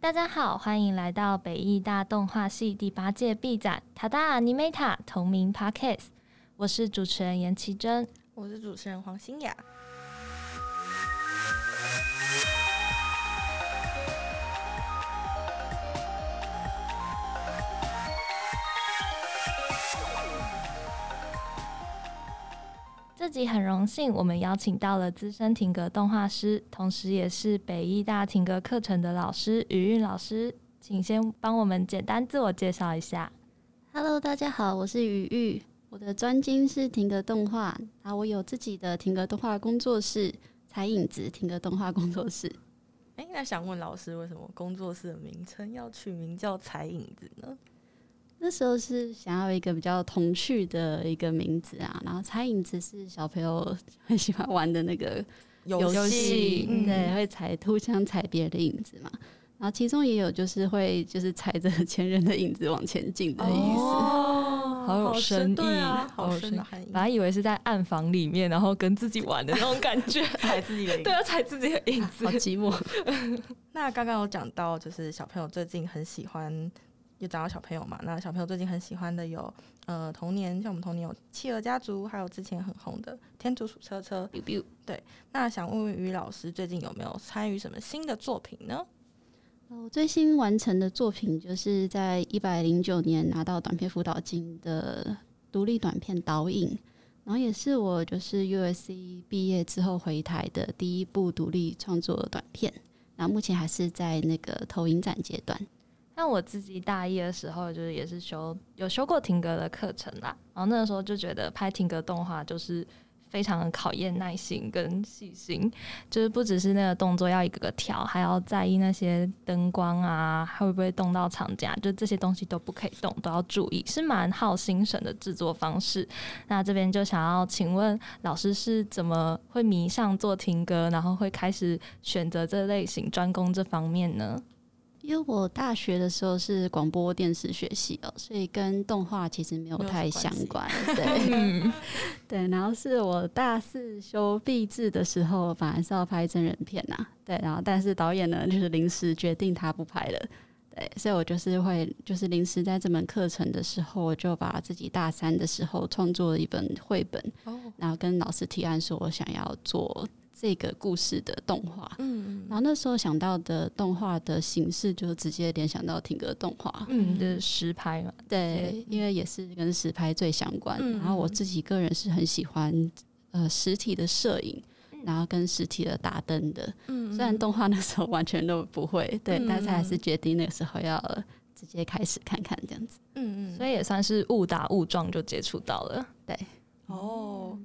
大家好，歡迎來到北藝大動畫系第八屆畢展《Tada Animeta》同名 Podcast。我是主持人顏其真，我是主持人黃馨雅。這集很榮幸，我們邀請到了資深停格動畫師，同時也是北藝大停格課程的老師余聿老師，請先幫我們簡單自我介紹一下。哈嘍，大家好，我是余聿，我的專精是停格動畫，啊，我有自己的停格動畫工作室——踩影子停格動畫工作室。誒、欸，那想問老師，為什麼工作室的名稱要取名叫踩影子呢？那時候是想要一個比較童趣的一個名字啊。然後踩影子是小朋友很喜歡玩的那個遊戲，遊戲對，嗯、會踩，互相踩別人的影子嘛。然後其中也有就是會就是踩着前人的影子往前進的意思，哦，好有深意，好，啊、好有深意。本來、啊、以為是在暗房裡面，然後跟自己玩的那種感覺，踩自己的對，踩自己的影子，影子啊，好寂寞。 那剛剛有講到，就是小朋友最近很喜歡。又找到小朋友嘛？那小朋友最近很喜歡的有，呃，童年像我們童年有《企鵝家族》，還有之前很紅的《天竺鼠車車》啾啾。對，那想問問於老師，最近有沒有參與什麼新的作品呢？哦，我最新完成的作品，就是在一百零九年拿到短片輔導金的獨立短片導引，然後也是我就是 U.S.C 畢業之後回台的第一部獨立創作的短片。那目前還是在那個投影展階段。那我自己大一的時候，就是也是修有修過停格的課程啦，然後那個時候就覺得拍停格動畫就是非常的考驗耐心跟細心，就是不只是那個動作要一個個調，還要在意那些燈光啊，還會不會動到場景啊，就這些東西都不可以動，都要注意，是蠻耗心神的制作方式。那這邊就想要請問老師是怎麼會迷上做停格，然後會開始選擇這類型專攻這方面呢？因為我大學的時候是廣播電視學習喔，所以跟動畫其實沒有太相關，對 對。然後是我大四修畢制的時候，本來是要拍真人片吶，對。然後但是導演呢，就是臨時決定他不拍了，對。所以我就是會，就是臨時在這門課程的時候，我就把自己大三的時候創作了一本繪本，然後跟老師提案說，我想要做。這個故事的動畫，嗯，然後那時候想到的動畫的形式，就直接聯想到停格動畫，嗯，就是實拍嘛，對，因為也是跟實拍最相關。然後我自己個人是很喜歡呃實體的攝影，然後跟實體的打燈的，嗯，雖然動畫那時候完全都不會，對，但是還是決定那時候要直接開始看看這樣子，嗯嗯，所以也算是誤打誤撞就接觸到了，對，哦。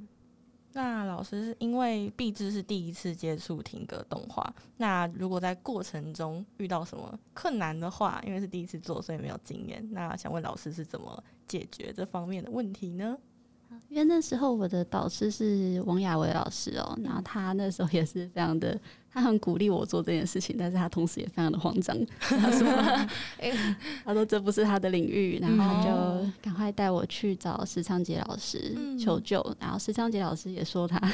那老師是因為畢製，是第一次接觸停格動畫，那如果在過程中遇到什麼困難的話，因為是第一次做，所以沒有經驗，那想問老師是怎麼解決這方面的問題呢？因為那時候我的導師是王亞維老師哦，嗯、然後他那時候也是非常的，他很鼓勵我做這件事情，但是他同時也非常的慌張， 說他說：“他、嗯、說這不是他的領域。”然後他就趕快帶我去找石昌杰老師求救，嗯、然後石昌杰老師也說他，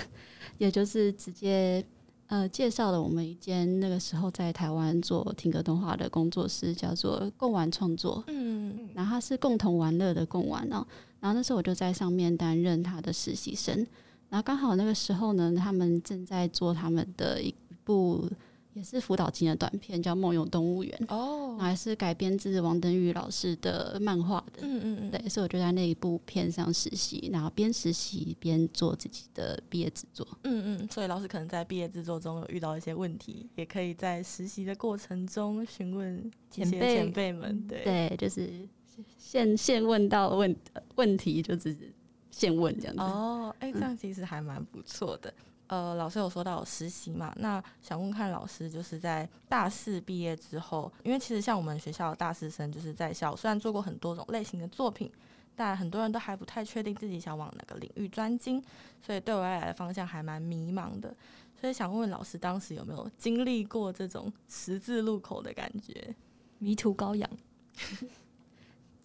也就是直接。呃，介紹了我們一間那個時候在台灣做停格動畫的工作室，叫做共玩創作。嗯，然後他是共同玩樂的共玩哦。然後那時候我就在上面擔任他的實習生。然後剛好那個時候呢，他們正在做他們的一部。也是輔導金的短片，叫《夢遊動物園》，哦，oh. 還是改編自王登宇老師的漫畫的，嗯嗯嗯，對，所以我就在那一部片上實習，然後邊實習邊做自己的畢業制作，嗯嗯，所以老師可能在畢業制作中有遇到一些問題，也可以在實習的過程中詢問前輩前輩們，對對，就是現現問到問、呃、問題，就是現問這樣子，哦、oh, 欸，哎、嗯，這樣其實還蠻不錯的。呃，老師有說到實習嘛？那想問看老師，就是在大四畢業之後，因為其實像我們學校的大四生，就是在校雖然做過很多種類型的作品，但很多人都還不太確定自己想往哪個領域專精，所以對我未來的方向還蠻迷茫的。所以想問問老師，當時有沒有經歷過這種十字路口的感覺，迷途羔羊？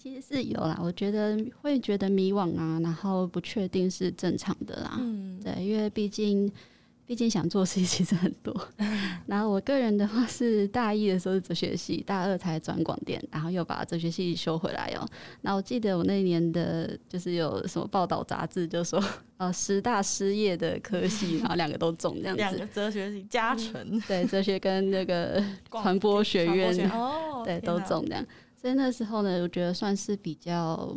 其實是有啦，我覺得會覺得迷惘啊，然後不確定是正常的啦。嗯，對，因為畢竟，畢竟想做事其實很多。嗯、然後我個人的話是大一的時候是哲學系，大二才轉廣電，然後又把哲學系修回來哦、喔。那我記得我那年的就是有什麼報道雜誌就說，呃、啊，十大失業的科系，然後兩個都中這樣子。兩個哲學系加成，對，哲學跟那個傳播學院，播學院、哦、對，都中這樣。在那時候呢，我覺得算是比較，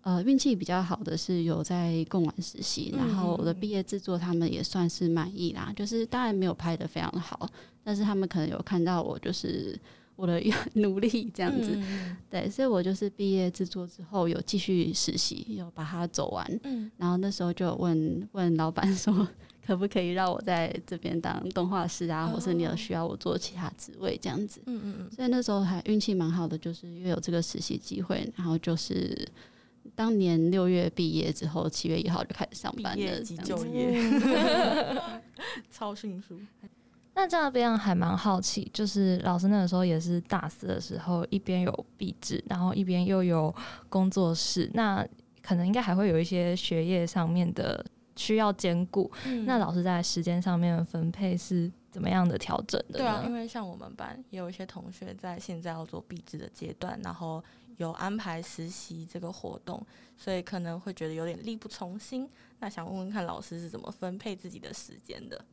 呃，運氣比較好的是有在共玩實習，嗯、然後我的畢業制作他們也算是滿意啦，就是當然沒有拍得非常好，但是他們可能有看到我就是我的努力這樣子，嗯、對，所以我就是畢業制作之後有繼續實習，有把它走完，嗯，然後那時候就問問老闆說。可不可以讓我在這邊當動畫師啊？或是你有需要我做其他職位這樣子？嗯嗯嗯。所以那時候還運氣蠻好的，就是因為有這個實習機會。然後就是當年六月畢業之後，七月一號就開始上班的，畢業即就業， 超迅速。那這邊還蠻好奇，就是老師那個時候也是大四的時候，一邊有壁紙，然後一邊又有工作室，那可能應該還會有一些學業上面的。需要兼顧，嗯、那老師在時間上面的分配是怎麼樣的調整的？對啊，因為像我們班也有一些同學在現在要做畢製的階段，然後有安排實習這個活動，所以可能會覺得有點力不從心。那想問問看老師是怎麼分配自己的時間的？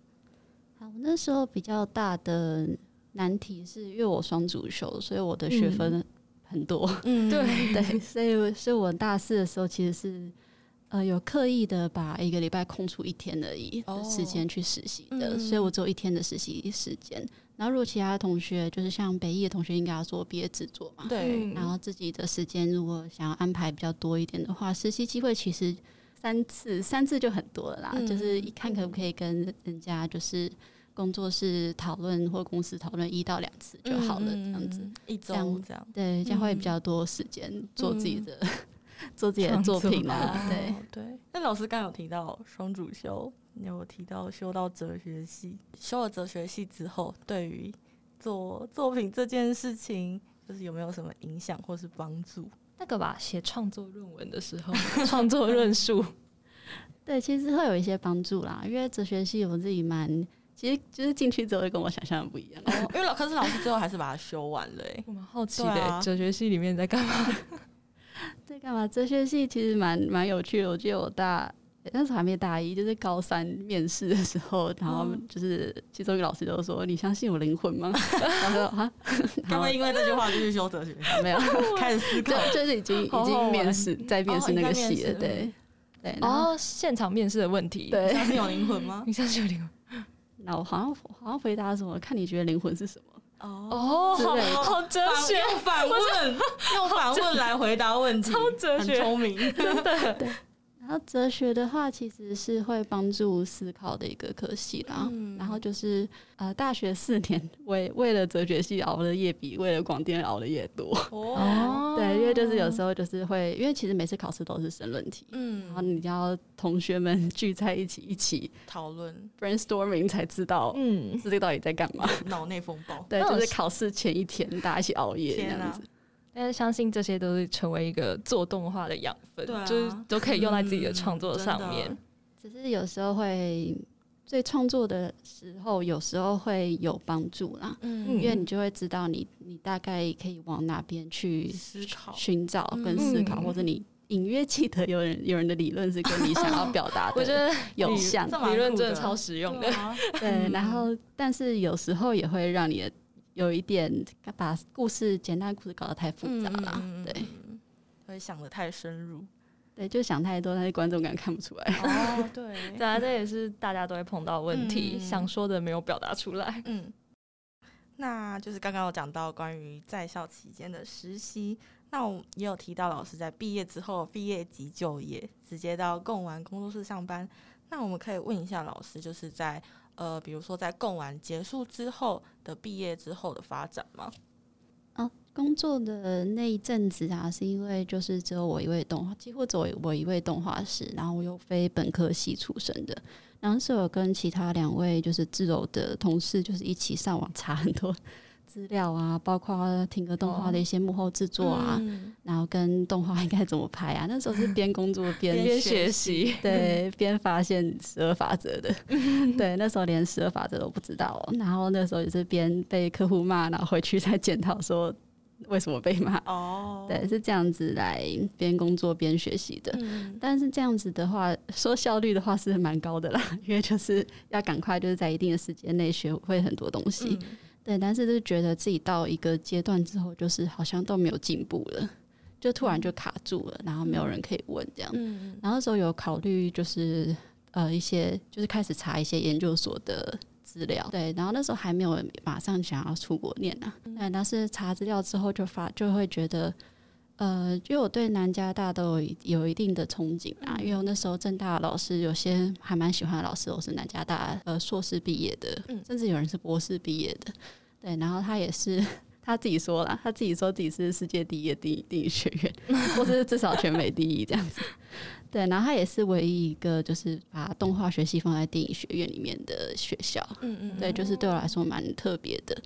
好，我那時候比較大的難題是，因為我雙主修，所以我的學分很多。嗯，嗯，對 對，所以所以，我大四的時候其實是。呃，有刻意的把一個禮拜空出一天而已的時間去實習的，哦嗯、所以我只有一天的實習時間。然後如果其他同學，就是像北藝的同學，應該要做畢業制作嘛。對、嗯。然後自己的時間如果想要安排比較多一點的話，實習機會其實三次三次就很多了啦。嗯、就是一看可不可以跟人家就是工作室討論或公司討論一到兩次就好了，這樣子。一周、嗯、這樣。這樣對，這樣會比較多時間做自己的、嗯。嗯做自己的作品啊，作對對。那老師剛剛有提到雙主修，有提到修到哲學系，修了哲學系之後，對於做作品這件事情，就是有沒有什麼影響或是幫助？那個吧，寫創作論文的時候，創 作論述。對，其實會有一些幫助啦，因為哲學系我自己蠻，其實就是進去之後就跟我想象的不一樣。 因為老可是老師最後還是把它修完了。欸，我蠻好奇的、欸，啊、哲學系裡面在幹嘛？在幹嘛？哲學系其實蠻蠻有趣的。我記得我大那時候還沒大一，就是高三面試的時候，然後就是其中一個老師都說：“你相信有靈魂嗎？”然後他說 ：“啊，剛剛因為這句話就去修哲學， 沒有開始思考。就”就是已經已經面試在面試那個系了，對對。然後、哦、現場面試的問題：“對你相信有靈魂嗎？”你相信有靈魂？那我好像好像回答什麼？看你覺得靈魂是什麼？哦好好，好哲學，用反問，就用反問來回答問題，超 哲學，很聰明， 真的。對那哲學的話，其實是會幫助思考的一個科系啦。嗯、然後就是呃，大學四年為為了哲學系熬的夜比為了廣電熬的夜多。哦，對，因為就是有時候就是會，因為其實每次考試都是申論題，嗯，然後你就要同學們聚在一起一起討論 brainstorming，才知道嗯，是這個到底在幹嘛？腦內風暴。對，就是考試前一天大家一起熬夜哪這樣子。但是相信這些都是成為一個做動畫的養分，對啊、就是都可以用在自己的創作上面。嗯、只是有時候會，對創作的時候，有時候會有幫助啦。嗯，因為你就會知道你你大概可以往哪邊去思考、尋找跟思考，思考嗯、或者你隱約記得有人有人的理論是跟你想要表達的、啊。我覺得有像理論真的超實用的。對，啊、 對，然後但是有時候也會讓你。的。有一點把故事簡單的故事搞得太複雜了，嗯、對，會想得太深入，對，就想太多，那些觀眾感看不出來。哦，對， 對啊，這也是大家都會碰到問題，嗯、想說的沒有表達出來。嗯，那就是剛剛有講到關於在校期間的實習，那我也有提到老師在畢業之後畢業即就業，直接到供完工作室上班。那我們可以問一下老師，就是在。呃，比如說在供完結束之後的畢業之後的發展嗎？啊，工作的那一陣子啊，是因為就是只有我一位動畫，幾乎只有我一位動畫師，然後我又非本科系出身的，然後是我跟其他兩位就是自由的同事，就是一起上網查很多。 資料啊，包括聽歌動畫的一些幕後製作啊，oh, 嗯、然後跟動畫應該怎麼拍啊？那時候是邊工作邊學習， 對，邊發現十二法則的。 對，那時候連十二法則都不知道、喔。哦。然後那時候也是邊被客戶罵，然後回去再檢討說為什麼被罵。哦，oh. 對，是這樣子來邊工作邊學習的。嗯、但是這樣子的話，說效率的話是蠻高的啦，因為就是要趕快就是在一定的時間內學會很多東西。嗯對，但是就是覺得自己到一個階段之後，就是好像都沒有進步了，就突然就卡住了，然後沒有人可以問這樣。嗯。然後那時候有考慮，就是呃一些，就是開始查一些研究所的資料。對，然後那時候還沒有馬上想要出國念啊。嗯。但是查資料之後就發就會覺得。呃，就我對南加大都有有一定的憧憬啊，因為我那時候正大老師有些還蠻喜歡的老師，我是南加大呃碩士畢業的，甚至有人是博士畢業的，對，然後他也是他自己說了，他自己說自己是世界第一的第一電影學院， 或是至少全美第一這樣子，對，然後他也是唯一一個就是把動畫學系放在電影學院裡面的學校，嗯嗯，對，就是對我來說蠻特別的。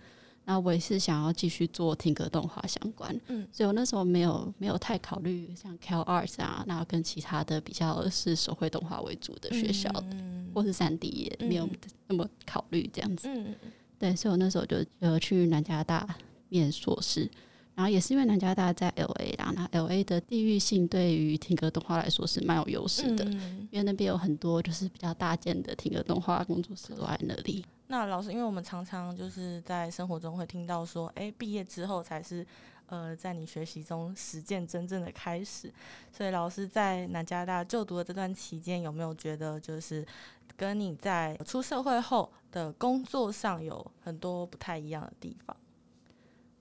那我也是想要繼續做停格動畫相關，嗯，所以我那時候沒有沒有太考慮像 Cal Arts 啊，然後跟其他的比較是手繪動畫為主的學校的、嗯、或是三 D 也沒有那麼考慮這樣子，嗯嗯、對，所以我那時候就呃去南加大念碩士，然後也是因為南加大在 LA 啦，那 LA 的地域性對於停格動畫來說是蠻有優勢的，嗯、因為那邊有很多就是比較大件的停格動畫工作室都在那裡。嗯嗯嗯那老師，因為我們常常就是在生活中會聽到說，哎，畢業之後才是，呃，在你學習中實踐真正的開始。所以老師在南加大就讀的這段期間，有沒有覺得就是跟你在出社會後的工作上有很多不太一樣的地方？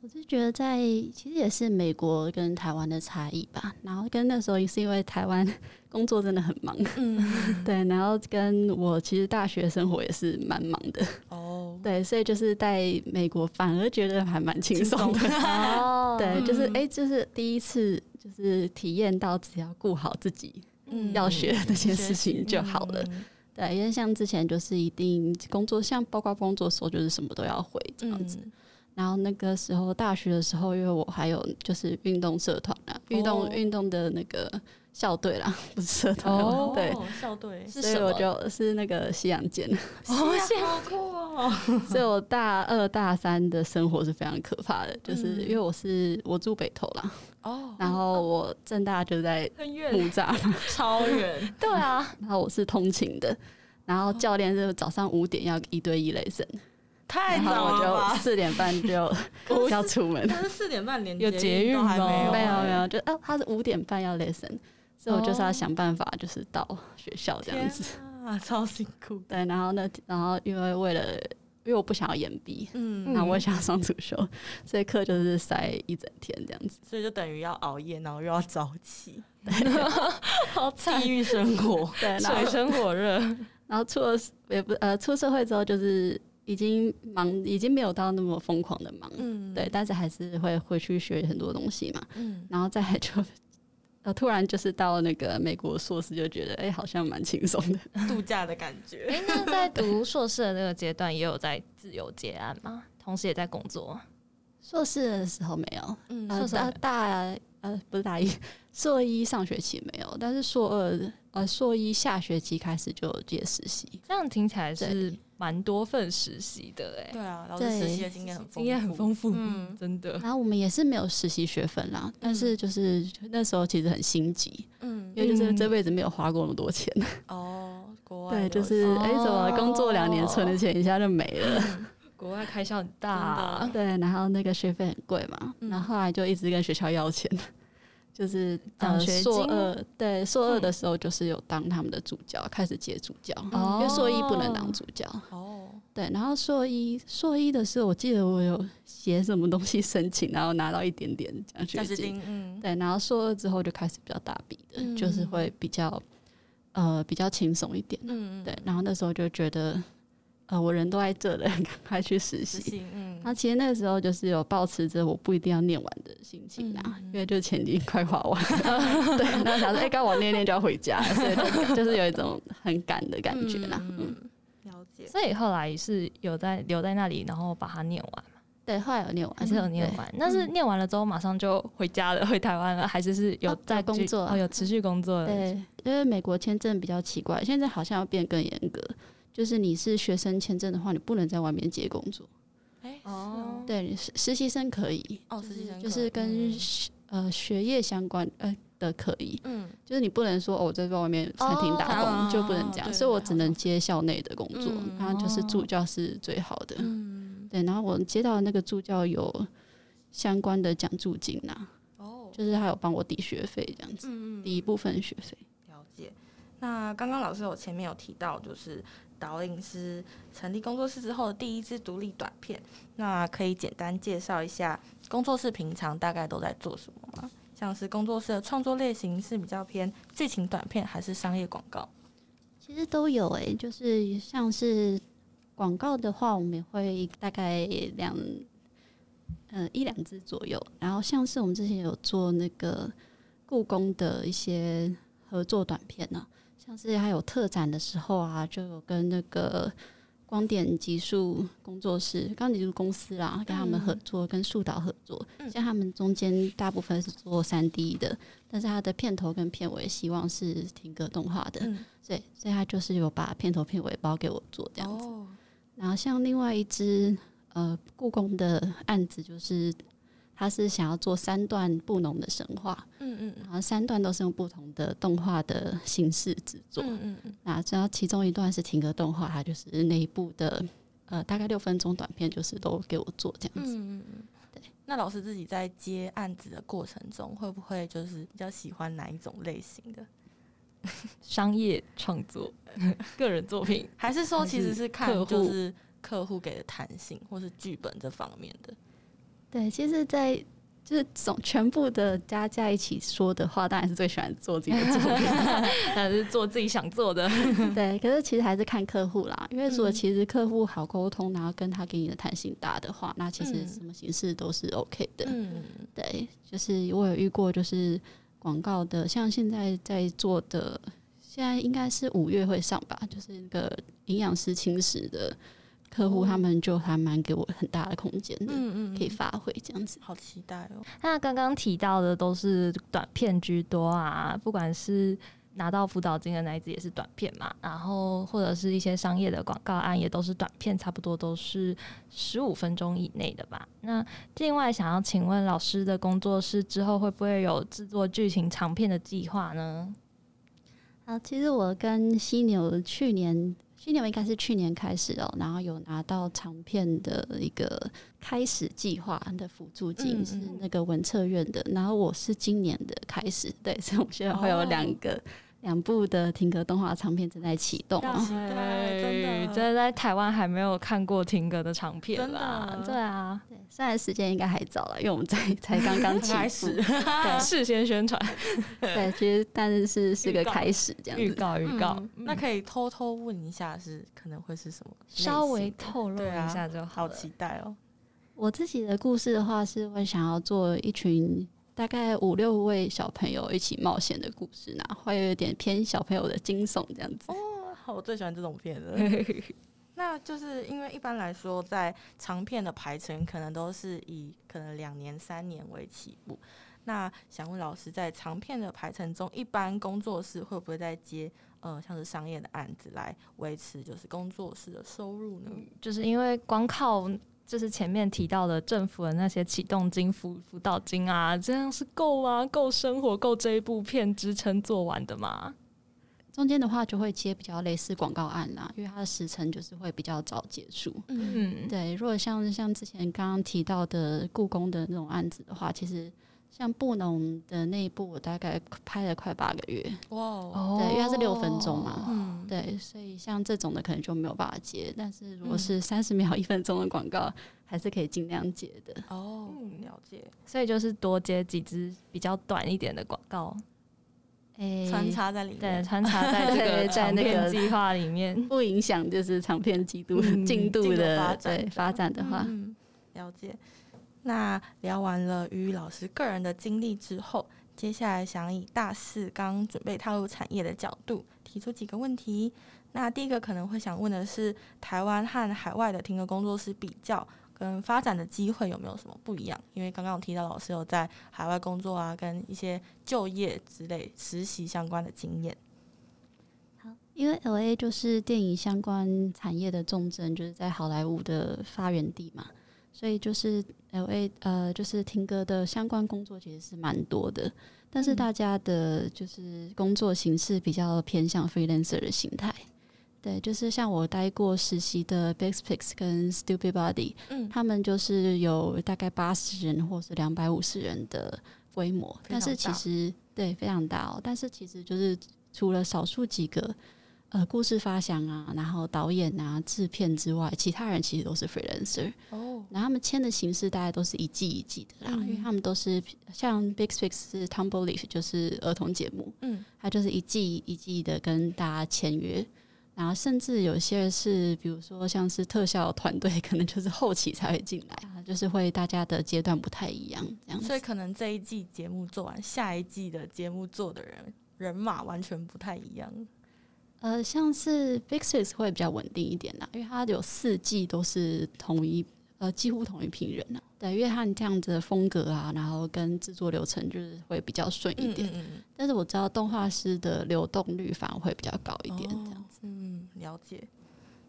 我是覺得在其實也是美國跟台灣的差異吧，然後跟那時候也是因為台灣工作真的很忙，嗯， 對，然後跟我其實大學生活也是蠻忙的，哦，對，所以就是在美國反而覺得還蠻輕鬆的，的哦，對，就是哎、嗯欸，就是第一次就是體驗到只要顧好自己，嗯，要學那些事情就好了，嗯、對，因為像之前就是一定工作，像包括工作的時候就是什麼都要會這樣子。嗯然後那個時候大學的時候，因為我還有就是運動社團啦，運動運動的那個校隊啦，不是社團哦，對，校隊，所以我就是那個西洋劍，哦，好酷哦！所以，我大二大三的生活是非常可怕的，就是因為我是我住北投啦，哦，然後我政大就在木柵，超遠，對啊，然後我是通勤的，然後教練是早上五點要一對一雷神。太早了，四點半就要出門。他是四點半連有捷運還沒有沒有，沒有。就哦，他是五點半要 listen，所以我就是要想辦法，就是到學校這樣子啊，超辛苦。對，然後呢？然後因為為了，因為我不想要延畢，嗯，那我也想要上主修，所以課就是塞一整天這樣子，所以就等於要熬夜，然後又要早起，對，好慘，地獄生活，對，水深火熱。然後出了也不呃出社會之後就是。已經忙，已經沒有到那麼瘋狂的忙，嗯、對，但是還是會回去學很多東西嘛，嗯、然後再來就呃，突然就是到那個美國碩士就覺得，哎、欸，好像蠻輕鬆的，度假的感覺。哎、欸，那在讀碩士的那個階段，也有在自由接案嗎？對同時也在工作？碩士的時候沒有，碩士、嗯呃、大，大呃不是大一，碩一上學期沒有，但是碩二呃碩一下學期開始就有接實習。這樣聽起來是蠻多份實習的哎，對啊，然後實習的經驗很經驗很豐富，嗯，真的。然後我們也是沒有實習學分啦，但是就是那時候其實很心急，嗯，因為就是這輩子沒有花過那麼多錢哦，國外對，就是哎，怎麼工作兩年存的錢一下就沒了？國外開銷很大，對，然後那個學費很貴嘛，然後後來就一直跟學校要錢。就是獎學金、呃、碩二對，碩二的時候就是有當他們的助教，嗯、開始接助教，哦、因為碩一不能當助教。哦、對，然後碩一、碩一的時候，我記得我有寫什麼東西申請，然後拿到一點點獎學金。嗯、對，然後碩二之後就開始比較大筆的，嗯、就是會比較呃比較輕鬆一點。嗯嗯對，然後那時候就覺得。呃，我人都在這了，趕快去實習。嗯。那其實那個時候就是有抱持著我不一定要念完的心情啦，因為就錢已經快花完了。對，那想說哎，該我念念就要回家，所以就是有一種很趕的感覺啦。嗯，了解。所以後來是有在留在那裡，然後把它念完。對，對，後來有念完，還是有念完？但是念完了之後馬上就回家了，回台灣了，還是是有在工作，有持續工作？對，因為美國簽證比較奇怪，現在好像要變更嚴格。就是你是學生簽證的話，你不能在外面接工作。哎哦，對，實實習生可以。哦，實習生就是跟呃學業相關呃的可以。嗯，就是你不能說我在外面餐廳打工，就不能這樣，所以我只能接校內的工作。然後就是助教是最好的。嗯，對，然後我接到的那個助教有相關的獎助金吶。哦，就是他有幫我抵學費這樣子，抵一部分學費。了解。那剛剛老師有前面有提到，就是。導演是成立工作室之後的第一支獨立短片，那可以簡單介紹一下工作室平常大概都在做什麼嗎？像是工作室的創作類型是比較偏劇情短片，還是商業廣告？其實都有誒、欸，就是像是廣告的話，我們也會大概兩，嗯、呃，一兩支左右。然後像是我們之前有做那個故宮的一些合作短片呢、啊。像是還有特展的時候啊，就有跟那個光點技術工作室，光點技術公司啦，跟他們合作，嗯、跟樹導合作。像他們中間大部分是做三 D 的，嗯、但是他的片頭跟片尾希望是停格動畫的，嗯、所以所以他就是有把片頭片尾包給我做這樣子。哦、然後像另外一支呃故宮的案子就是。他是想要做三段布農的神話，嗯嗯，嗯，然後三段都是用不同的動畫的形式製作，嗯嗯，然、嗯、後、嗯、其中一段是停格動畫，嗯、他就是那一部的、嗯、呃大概六分鐘短片，就是都給我做這樣子，嗯嗯嗯。對，那老師自己在接案子的過程中，會不會就是比較喜歡哪一種類型的商業創作、 個人作品，還是說其實是看就是客戶給的彈性或是劇本這方面的？對，其實在，在就是總全部的加在一起說的話，當然是最喜歡做自己的作品，但 是做自己想做的。 對，可是其實還是看客戶啦，因為如果其實客戶好溝通，然後跟他給你的彈性大的話，那其實什麼形式都是 OK 的。嗯，對，就是我有遇過，就是廣告的，像現在在做的，現在應該是五月會上吧，就是那個營養師輕食的。客戶他們就還蠻給我很大的空間的，嗯，嗯嗯，可以發揮這樣子。好期待哦、喔！那剛剛提到的都是短片居多啊，不管是拿到輔導金的那一次也是短片嘛，然後或者是一些商業的廣告案也都是短片，差不多都是十五分鐘以內的吧。那另外想要請問老師的工作室之後會不會有制作劇情長片的計劃呢？啊，其實我跟犀牛去年。今年我應該是去年開始哦，然後有拿到長片的一個開始計劃的輔助金，是那個文策院的。嗯嗯。然後我是今年的開始，對，所以我們現在會有兩個。哦。兩部的停格動畫長片正在啟動。啊，對，真的，真的在台灣還沒有看過停格的長片啦，對啊，對雖然時間應該還早了，因為我們在才才剛剛開始，對 事先宣傳， 對，其實但是是是個開始這樣子，預告預告，那可以偷偷問一下是，是可能會是什麼，稍微透露一下就好。啊，好期待哦。我自己的故事的話，是會想要做一群。大概五六位小朋友一起冒險的故事呢，然後會有點偏小朋友的驚悚這樣子。哦，好，我最喜歡這種片了。 那就是因為一般來說，在長片的排程可能都是以可能兩年、三年為起步。那想問老師，在長片的排程中，一般工作室會不會再接呃像是商業的案子來維持就是工作室的收入呢？嗯，就是因為光靠。就是前面提到的政府的那些啟動金、輔輔導金啊，這樣是夠啊，夠生活、夠這一部片支撐做完的嘛。中間的話就會接比較類似廣告案啦，因為它的時程就是會比較早結束。嗯，對。如果像像之前剛剛提到的故宮的那種案子的話，其實，像布農的那一部，我大概拍了快八個月。哇哦，對，因為它是六分鐘嘛、啊哦。嗯，對，所以像這種的可能就沒有辦法接，但是如果是三十秒、一分鐘的廣告，嗯、還是可以盡量接的。哦、嗯，了解。所以就是多接幾支比較短一點的廣告，哎、欸，穿插在裡面，對，穿插在這個長片計畫裡面，對，在那個計劃裡面，不影響就是長片進度進、嗯、度的度發展發展的話，嗯，了解。那聊完了余老師個人的經歷之後，接下來想以大四剛準備踏入產業的角度，提出幾個問題。那第一個可能會想問的是，台灣和海外的停格工作室比較跟發展的機會有沒有什麼不一樣？因為剛剛提到老師有在海外工作啊，跟一些就業之類實習相關的經驗。好，因為 LA 就是電影相關產業的重鎮，就是在好萊塢的發源地嘛，所以就是。L 有，LA，呃，就是停格的相關工作其實是蠻多的，但是大家的，就是工作形式比較偏向 freelancer 的形態。對，就是像我待過實習的 Bix Pix 跟 Stupid Body，嗯，他們就是有大概八十人或是兩百五十人的規模，但是其實對非常大哦、喔，但是其實就是除了少數幾個。呃，故事發想啊，然後導演啊、製片之外，其他人其實都是 freelancer。Oh. 然後那他們簽的形式大概都是一季一季的啦。Mm hmm. 因為他們都是像 Big Fix 是 Tumble Leaf 就是兒童節目，嗯、mm，他、hmm. 就是一季一季的跟大家簽約。然後甚至有些是，比如說像是特效團隊，可能就是後期才會進來、啊、就是會大家的階段不太一樣這樣。所以可能這一季節目做完，下一季的節目做的人人馬完全不太一樣。呃，像是 Fixes 會比較穩定一點啦，因為它有四季都是同一呃，幾乎同一批人呢，對，因為他這樣子的風格啊，然後跟製作流程就是會比較順一點。嗯嗯嗯。但是我知道動畫師的流動率反而會比較高一點這樣子。哦，嗯，了解。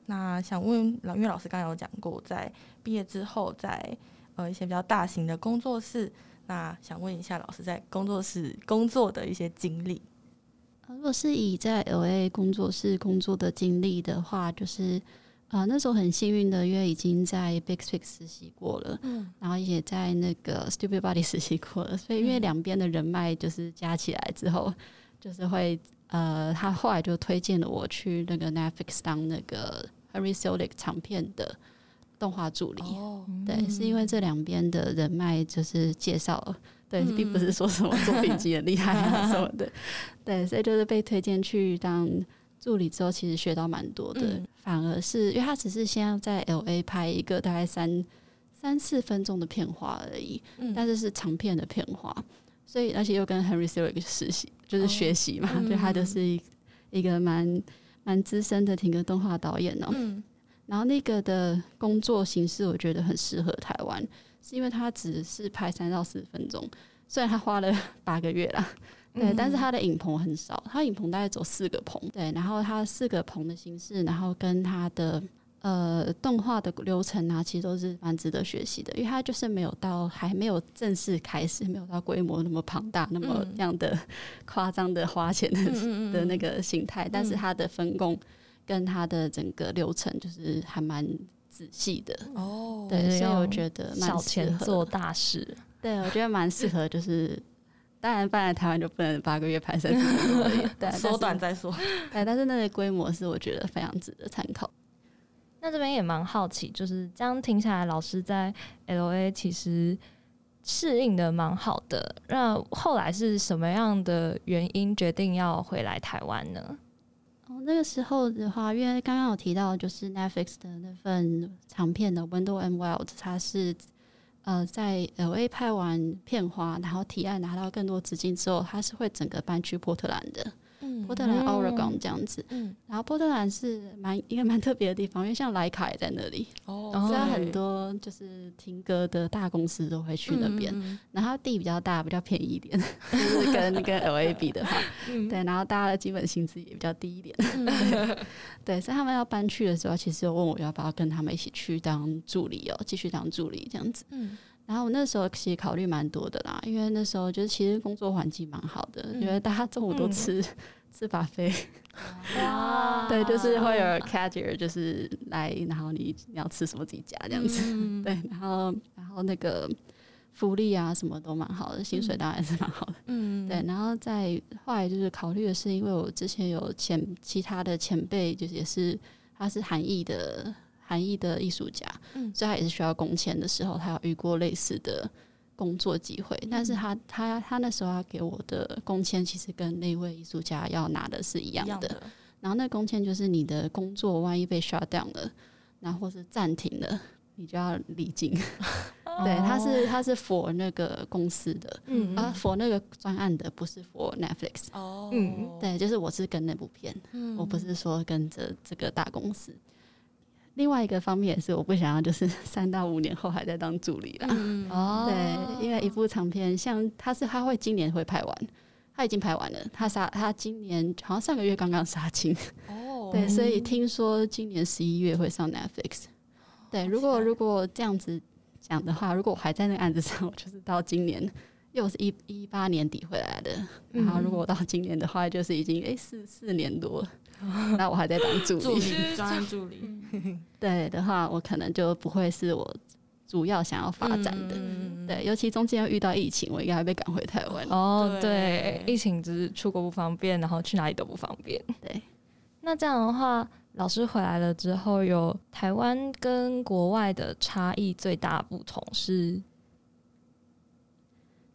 那想問老，因為老師剛剛有講過，在畢業之後在呃，一些比較大型的工作室，那想問一下老師在工作室工作的一些經歷。如果是以在 LA 工作室工作的經歷的話，就是啊、呃，那時候很幸運的，因為已經在 Big Six 實習過了，嗯，然後也在那個 Stupid Body 實習過了，所以因為兩邊的人脈就是加起來之後，嗯、就是會呃，他後來就推薦了我去那個 Netflix 當那個 Harry Solic 長片的動畫助理，對，是因為這兩邊的人脈就是介紹，對，並不是說什麼作品集很厲害啊什麼的，對，所以就是被推薦去當助理之後，其實學到蠻多的。反而是因為他只是先要在 LA 拍一個大概三三四分鐘的片花而已，但是是長片的片花，所以而且又跟 Henry Selick 實習，就是學習嘛。對，他就是一一個蠻蠻資深的停格動畫導演哦。然後那個的工作形式，我覺得很適合台灣，是因為它只是拍三到四分鐘，雖然他花了八個月啦，對，嗯哼，但是他的影棚很少，他影棚大概走四個棚，對，然後他四個棚的形式，然後跟他的呃動畫的流程啊，其實都是蠻值得學習的，因為他就是沒有到還沒有正式開始，沒有到規模那麼龐大，那麼這樣的誇張的花錢的的那個形態，嗯嗯嗯，但是他的分工。跟他的整個流程就是還蠻仔細的哦，對，所以我覺得小錢做大事，對我覺得蠻適合。就是 當然，放在台灣就不能八個月拍三十集 對，縮對短再說。哎，但是那個規模是我覺得非常值得參考。那這邊也蠻好奇，就是這樣聽下來，老師在 LA 其實適應的蠻好的，那後來是什麼樣的原因決定要回來台灣呢？那個時候的話，因為剛剛有提到，就是 Netflix 的那份長片的《Window and Wild》，它是呃在 LA 拍完片花，然後提案拿到更多資金之後，它是會整個搬去波特蘭的。波特蘭，Oregon 這樣子，嗯、然後波特蘭是一蠻一個蠻特別的地方，因為像萊卡也在那裡，哦，所以很多就是停格的大公司都會去那邊，嗯嗯嗯、然後地比較大，比較便宜一點，嗯、就是跟，跟 LA 比的話，嗯、對，然後大家的基本薪資也比較低一點、嗯對，對，所以他們要搬去的時候，其實就問我要不要跟他們一起去當助理哦，繼續當助理這樣子，嗯。然後我那時候其實考慮蠻多的啦，因為那時候覺得其實工作環境蠻好的，嗯、因為大家中午都吃、嗯、吃 buffet、啊。 對，就是會有 cater 就是來，然後你你要吃什麼自己夾這樣子，嗯嗯對，然後然後那個福利啊什麼都蠻好的，薪水當然是蠻好的，嗯，對，然後再後來就是考慮的是，因為我之前有前其他的前輩，就是也是他是韓裔的。含義的藝術家，嗯，所以他也是需要工簽的時候，他有遇過類似的工作機會，嗯、但是他他他那時候他給我的工簽，其實跟那位藝術家要拿的是一樣的。樣的然後那工簽就是你的工作萬一被 shut down 了，然後或是暫停了，你就要離境。哦、 對，他是他是 for 那個公司的，嗯啊，for 那個專案的，不是 for Netflix。哦，嗯，對，就是我是跟那部片，嗯、我不是說跟着這個大公司。另外一個方面也是，我不想要就是三到五年後還在當助理啦、嗯。哦，對，因為一部長片，像他是他會今年會拍完，他已經拍完了，他殺他今年好像上個月剛剛殺青。哦，對，所以聽說今年十一月會上 Netflix。哦、對，如果如果這樣子講的話，如果我還在那個案子上，我就是到今年，因為我是一一八年底回來的。然後如果我到今年的話，就是已經誒四四年多了。 那我還在當助理， 助理。 對的話，我可能就不會是我主要想要發展的。嗯、對，尤其中間又遇到疫情，我應該還被趕回台灣。哦、oh，對，對，疫情就是出國不方便，然後去哪裡都不方便。對，那這樣的話，老師回來了之後，有台灣跟國外的差異最大的不同是，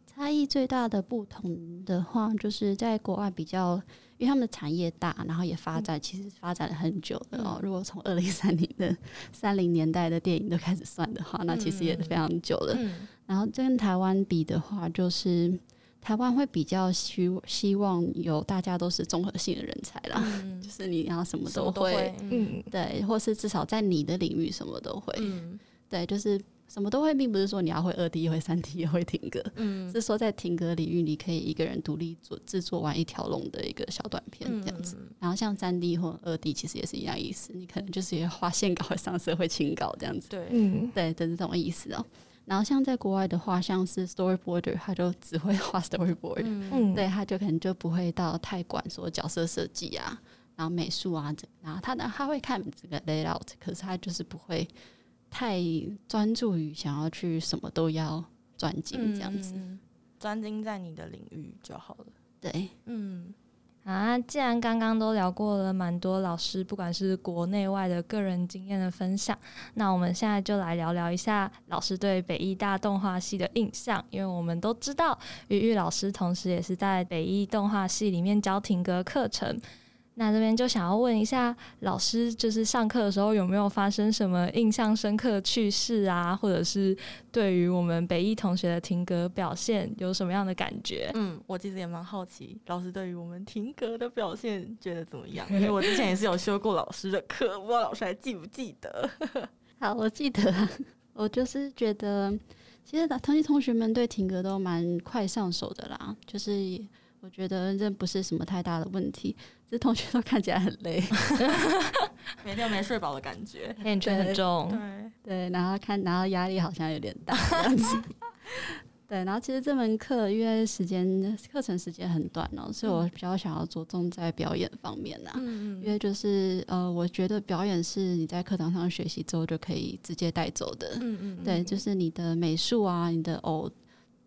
差異最大的不同的話，就是在國外比較。因為他們的產業大，然後也發展，嗯、其實發展了很久的哦、喔。嗯、如果從二零三零的三零年代的電影都開始算的話，嗯、那其實也是非常久了。嗯、然後跟台灣比的話，就是台灣會比較希希望有大家都是綜合性的人才了，嗯、就是你要什麼都會，都會。嗯、對，或是至少在你的領域什麼都會，嗯、對，就是。什麼都會，並不是說你要會二 D，也會三 D，也會停格。嗯，是說在停格領域，你可以一個人獨立做制作完一條龍的一個小短片這樣子。嗯、然後像三 D 或二 D，其實也是一樣意思。你可能就是也畫線稿、上色、會清稿這樣子。嗯、對，嗯，對，就是這種意思哦、喔。然後像在國外的話，像是 Storyboarder，他就只會畫 Storyboard。嗯，對，他就可能就不會到太管說角色設計啊，然後美術啊這個。然後他呢，他會看這個 Layout，可是他就是不會。太專注於想要去什麼都要專精這樣子，嗯，嗯、專精在你的領域就好了，對，嗯，啊。既然剛剛都聊過了蠻多老師，不管是國內外的個人經驗的分享，那我們現在就來聊聊一下老師對北藝大動畫系的印象。因為我們都知道，余聿老師同時也是在北藝動畫系裡面教停格課程。那這邊就想要問一下老師，就是上課的時候有沒有發生什麼印象深刻的趣事啊？或者是對於我們北藝同學的停格表現有什麼樣的感覺？嗯，我其實也蠻好奇老師對於我們停格的表現覺得怎麼樣？因為我之前也是有修過老師的課， 不知道老師還記不記得？ 好，我記得，我就是覺得其實北藝同學們對停格都蠻快上手的啦，就是。我覺得這不是什麼太大的問題，只是同學都看起來很累，每天 沒，沒睡飽的感覺，對黑眼圈很重，對對，然後看，然後壓力好像有點大這樣子， 對，然後其實這門課因為時間課程時間很短哦，喔，所以我比較想要着重在表演方面啊，嗯嗯，因為就是呃，我覺得表演是你在課堂上學習之後就可以直接帶走的，嗯，嗯嗯，對，就是你的美術啊，你的偶。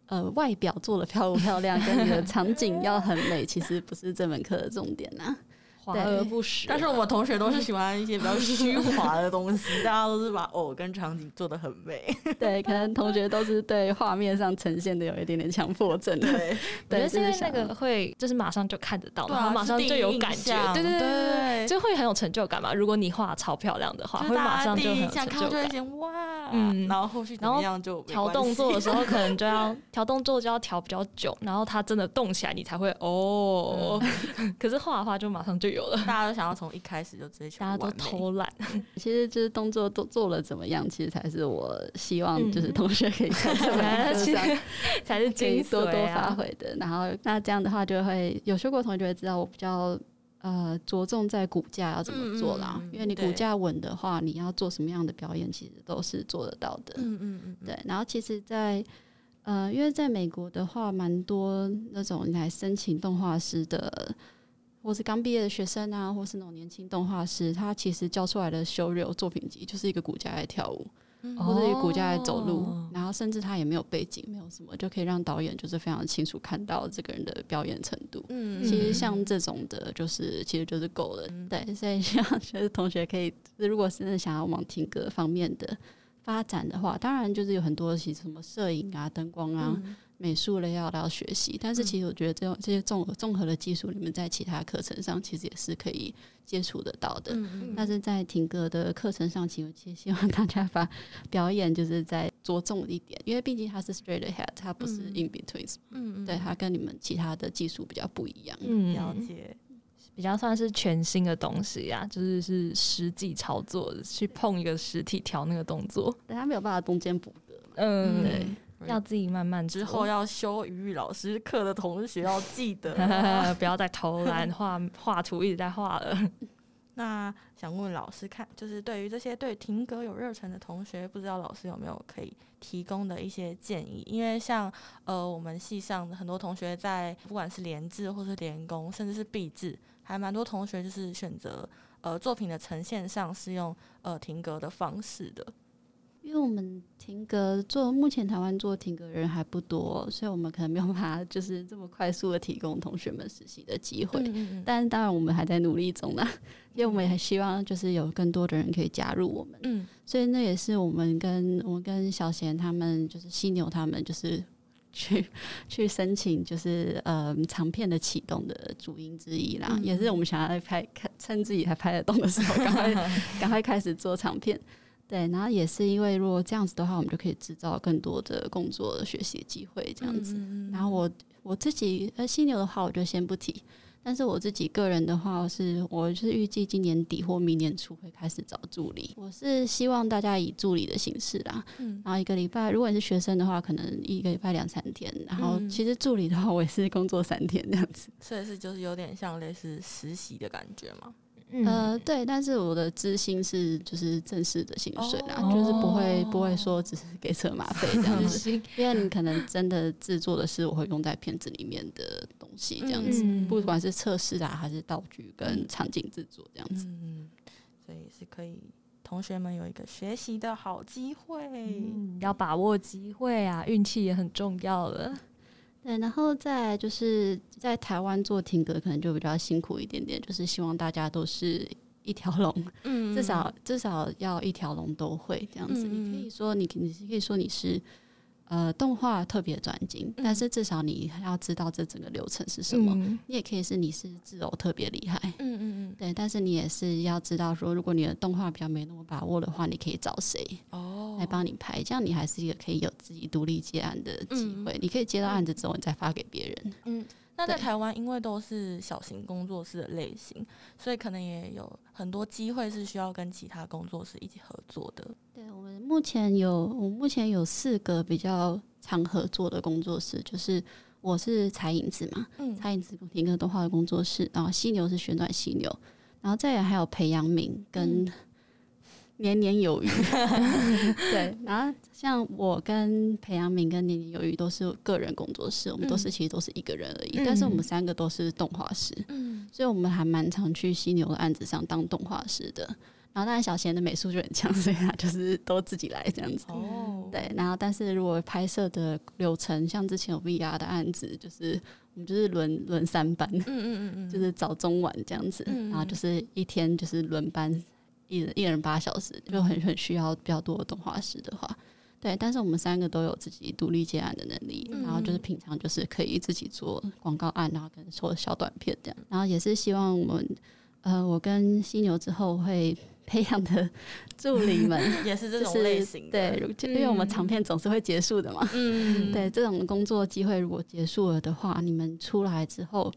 呃，外表做得漂不漂亮，跟你的場景要很美， 其實不是這門課的重點吶、啊。華而不實，但是我們同學都是喜歡一些比較虛華的東西，大家都是把偶跟場景做的很美。對，可能同學都是對畫面上呈現的有一點點強迫症的。對，我覺得現在那個會就是馬上就看得到，然後馬上就有感覺，對對對，就會很有成就感嘛。如果你畫超漂亮的話，會馬上就很成就感。哇，嗯，然後後續然後就調動作的時候，可能就要調動作就要調比較久，然後它真的動起來，你才會哦。可是畫畫就馬上就。有了，大家都想要從一開始就直接去完美。大家都偷懶， 其實就是動作都做了怎麼樣，其實才是我希望就是同學可以看出來，其 才是精髓啊。然後那這樣的話，就會有修過同學就會知道我比較呃着重在骨架要怎麼做啦，嗯嗯嗯嗯，因為你骨架穩的話，對 你要做什麼樣的表演，其實都是做得到的。嗯嗯嗯，嗯。嗯、對，然後其實在，在呃，因為在美國的話，蠻多那種來申請動畫師的。或是剛畢業的學生啊，或是那種年輕動畫師，他其實教出來的 show reel 作品集，就是一個骨架在跳舞，嗯、或者一個骨架在走路，哦、然後甚至他也沒有背景，沒有什麼，就可以讓導演就是非常清楚看到這個人的表演程度。嗯，其實像這種的，就是其實就是夠了。嗯、對，所以像就是同學可以，就是，如果是真的想要往聽歌方面的發展的話，當然就是有很多其實什麼攝影啊、燈、嗯、光啊。嗯美術類要要學習，但是其實我覺得這種這些綜合綜合的技術，你們在其他課程上其實也是可以接觸得到的。嗯嗯。但是在停格的課程上，其實希望大家把表演就是在着重一點，因為畢竟它是 straight ahead，它不是 in between。嗯嗯。對，它跟你們其他的技術比較不一樣。嗯。了解。比較算是全新的東西呀，就是是實際操作的，去碰一個實體，調那個動作。對，它沒有辦法中間補的。嗯。對。要自己慢慢，之後要修余余老師課的同學要記得，不要再偷懶畫畫圖一直在畫了。 那想問老師看，就是對於這些對停格有熱忱的同學，不知道老師有沒有可以提供的一些建議？因為像呃我們系上的很多同學在不管是連製或是連工，甚至是畢製，還蠻多同學就是選擇呃作品的呈現上是用呃停格的方式的。因為我們停格做，目前台灣做停格人還不多喔，所以我們可能沒有辦法就是這麼快速的提供同學們實習的機會。嗯嗯嗯。但當然我們還在努力中啦，因為我們也還希望就是有更多的人可以加入我們。嗯。所以那也是我們跟我們跟小賢他們就是犀牛他們就是去去申請就是呃長片的啟動的主因之一啦，嗯嗯。也是我們想要拍趁趁自己還拍得動的時候，趕快趕 快開始做長片。對，然後也是因為如果這樣子的話，我們就可以製造更多的工作學習機會，這樣子。嗯、然後我我自己呃犀牛的話，我就先不提。但是我自己個人的話是，是我是預計今年底或明年初會開始找助理。我是希望大家以助理的形式啦，嗯、然後一個禮拜，如果你是學生的話，可能一個禮拜兩三天。然後其實助理的話，我也是工作三天這樣子。嗯、所以是就是有點像類似實習的感覺嘛。嗯、呃，對，但是我的資薪是就是正式的薪水啦，哦、就是不會、哦、不會說只是給車馬費這樣子， 因為你可能真的制作的是我會用在片子裡面的東西這樣子，嗯嗯，不管是測試啊還是道具跟場景製作這樣子、嗯，所以是可以同學們有一個學習的好機會、嗯，要把握機會啊，運氣也很重要了。對，然後在就是在台灣做停格，可能就比較辛苦一點點。就是希望大家都是一條龍，嗯嗯至少至少要一條龍都會這樣子。嗯嗯你可以說你，你可以說你是。呃，動畫特別專精，嗯、但是至少你要知道這整個流程是什麼。嗯、你也可以是你是自偶特別厲害，嗯嗯嗯，對。但是你也是要知道說，如果你的動畫比較沒那麼把握的話，你可以找誰哦來幫你拍，哦、這樣你還是一個可以有自己獨立接案的機會。嗯嗯你可以接到案子之後，你再發給別人。嗯，嗯，對那在台灣，因為都是小型工作室的類型，所以可能也有很多機會是需要跟其他工作室一起合作的。對。目前有，我目前有四個比較常合作的工作室，就是我是踩影子嘛，嗯，踩影子一個動畫的工作室，然後犀牛，是旋轉犀牛，然後再也還有裴陽明跟、嗯、年年有餘， 對，然後像我跟裴陽明跟年年有餘都是個人工作室，嗯、我們都是其實都是一個人而已，嗯、但是我們三個都是動畫師，嗯、所以我們還蠻常去犀牛的案子上當動畫師的。然後當然，小賢的美術就很強，所以他就是都自己來這樣子。Oh. 對。然後，但是如果拍攝的流程像之前有 V R 的案子，就是我們就是輪輪三班，mm hmm. 就是早中晚這樣子。Mm hmm. 然後就是一天就是輪班，一人一人八小時，mm hmm. 就很很需要比較多的動畫師的話。對。但是我們三個都有自己獨立接案的能力，mm hmm. 然後就是平常就是可以自己做廣告案，然後跟做小短片這樣。然後也是希望我們，呃，我跟犀牛之後會。培養的助理們也是這種類型，對，因為我們長片總是會結束的嘛，嗯嗯，對，這種工作機會如果結束了的話，你們出來之後。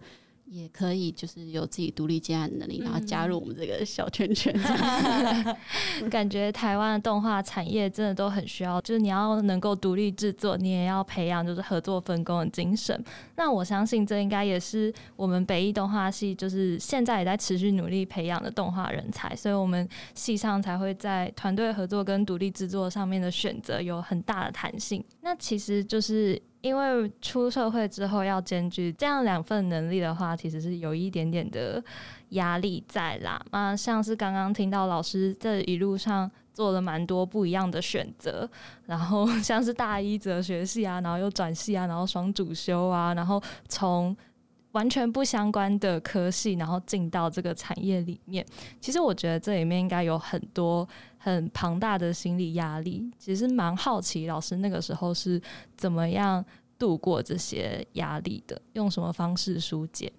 也可以，就是有自己獨立接案能力，然後加入我們這個小圈圈。嗯。我 感覺台灣的動畫產業真的都很需要，就是你要能夠獨立製作，你也要培養就是合作分工的精神。那我相信這應該也是我們北藝動畫系，就是現在也在持續努力培養的動畫人才，所以我們系上才會在團隊合作跟獨立製作上面的選擇有很大的彈性。那其實就是。因為出社會之後要兼具這樣兩份能力的話，其實是有一點點的壓力在啦。那、啊、像是剛剛聽到老師這一路上做了蠻多不一樣的選擇，然後像是大一哲學系啊，然後又轉系啊，然後雙主修啊，然後從。完全不相關的科系，然後進到這個產業裡面，其實我覺得這裡面應該有很多很龐大的心理壓力。其實蠻好奇老師那個時候是怎麼樣度過這些壓力的，用什麼方式紓解？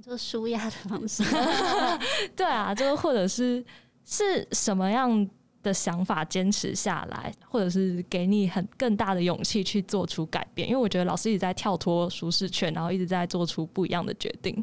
就舒壓的方式， 對啊，就或者是是什麼樣？的想法堅持下來，或者是給你很更大的勇氣去做出改變，因為我覺得老師一直在跳脫舒適圈，然後一直在做出不一樣的決定。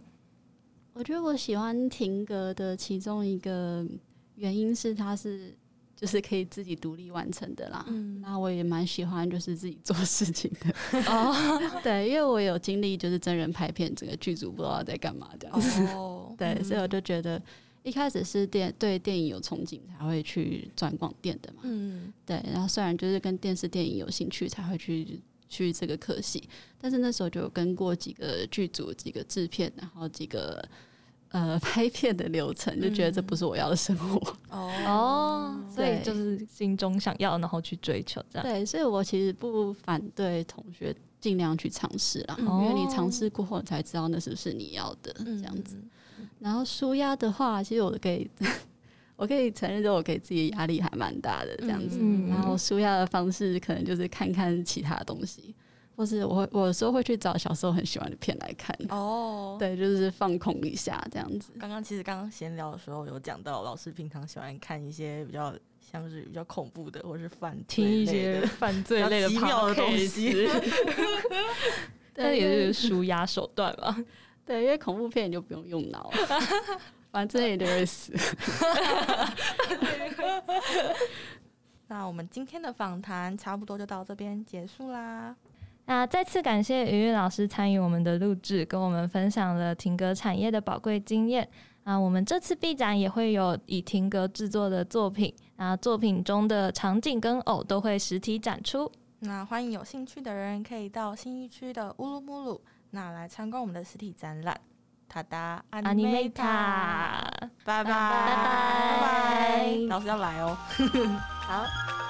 我覺得我喜歡停格的其中一個原因是，它是就是可以自己獨立完成的啦。嗯，那我也蠻喜歡就是自己做事情的哦，對，因為我有經歷就是真人拍片，整、這個劇組不知道在幹嘛這樣， oh, 對，嗯，所以我就覺得。一開始是電對電影有憧憬，才會去轉廣電的嘛。嗯，對。然後雖然就是跟電視、電影有興趣，才會去去這個科系。但是那時候就有跟過幾個劇組、幾個製片，然後幾個呃拍片的流程，就覺得這不是我要的生活。嗯、 哦，對所以就是心中想要，然後去追求這樣。對，所以我其實不反對同學盡量去嘗試啦，嗯、因為你嘗試過後才知道那是不是你要的、嗯、這樣子。然後舒壓的話，其實我給，我可以承認，就我給自己壓力還蠻大的這樣子。嗯嗯，然後舒壓的方式，可能就是看看其他東西，或是我，我有時候會去找小時候很喜歡的片來看。哦，哦，哦、對，就是放空一下這樣子。剛剛其實剛剛閒聊的時候我有講到，老師平常喜歡看一些比較像是比較恐怖的，或是犯罪類類聽一覺些犯罪類的、奇妙的東西， 但也是舒壓手段吧。對，因為恐怖片你就不用用腦了， 反正也都會死。那我們今天的訪談差不多就到這邊結束啦。那、啊、再次感謝余聿老師參與我們的錄製，跟我們分享了停格產業的寶貴經驗。啊，我們這次閉展也會有以停格制作的作品，啊，作品中的場景跟偶都會實體展出。那歡迎有興趣的人可以到信義區的烏魯木魯。那來參觀我們的實體展覽，塔達安,安妮梅塔，拜拜拜拜拜，bye bye 老師要來哦， 好。